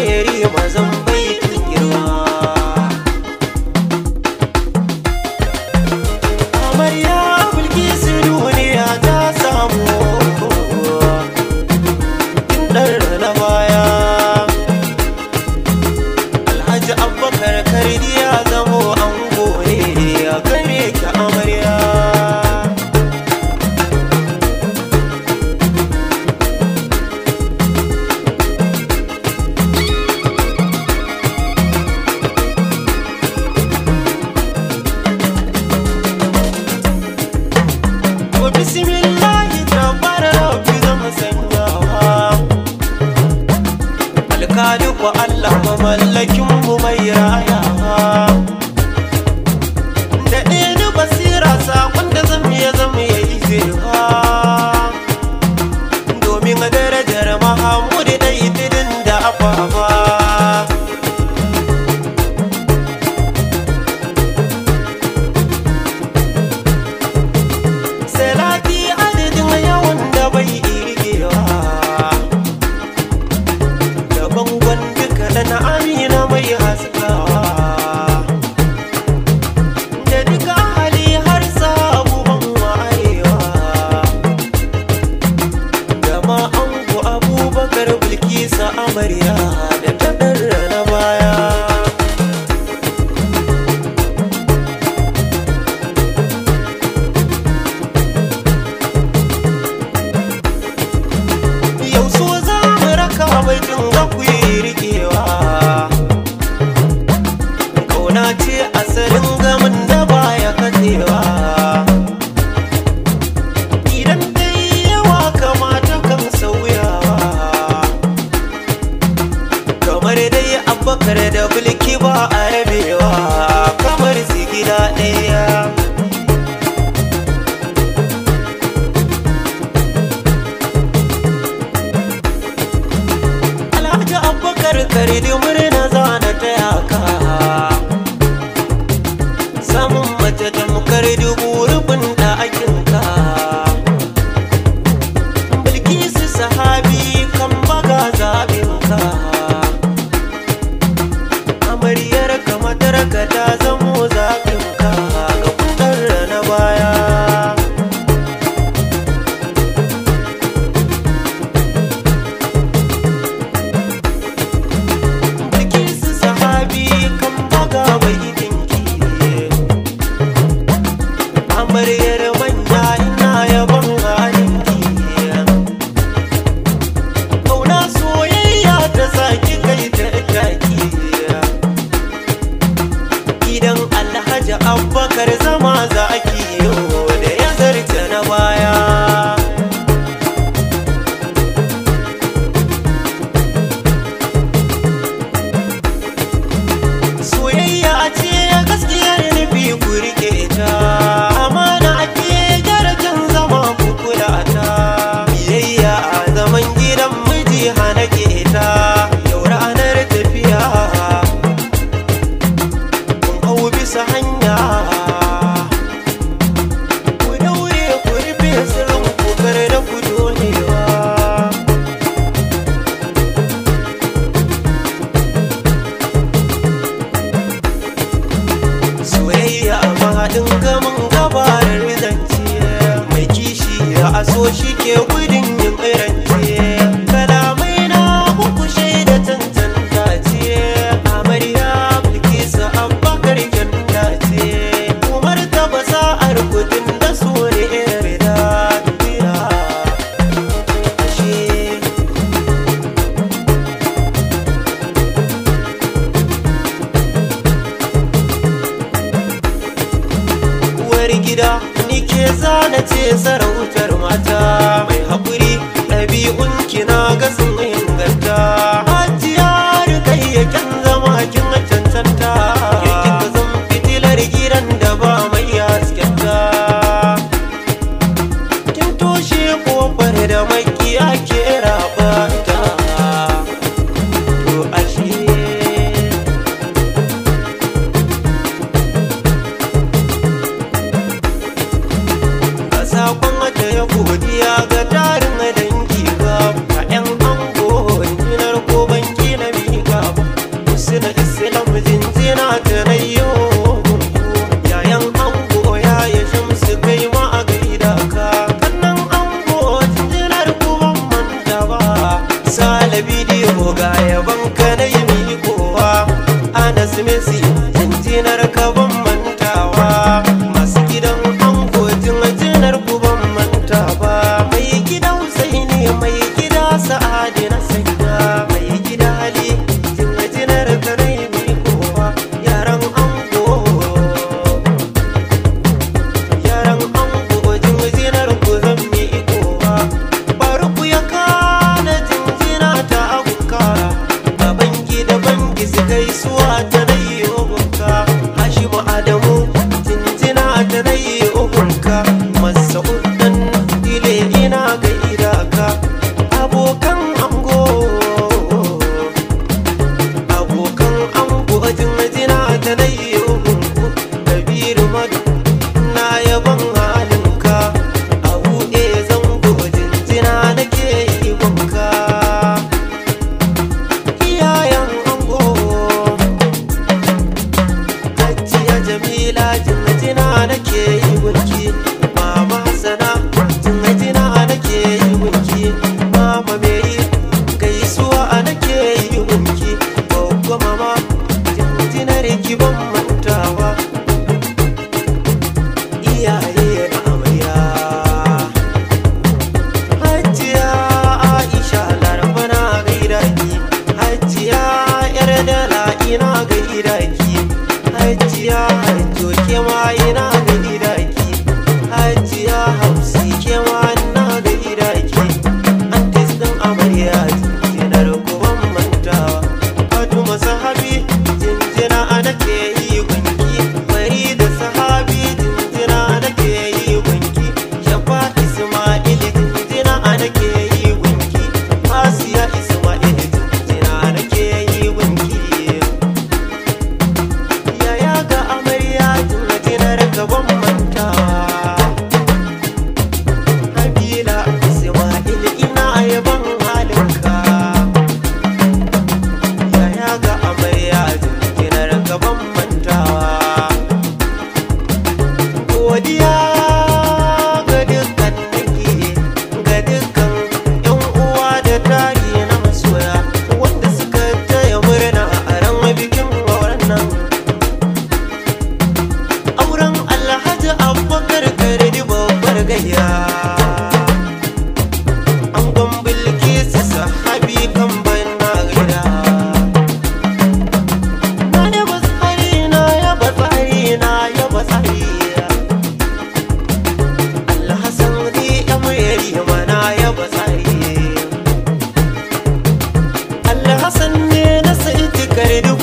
alheri mazan bai bisa hanya ku daure ku rufe silin kokar da ku donewa soyayya a mahaɗin sarautar mata na bidiyo ga yaban kana ليس يسوى تبيهم ila jinjina nake yi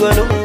No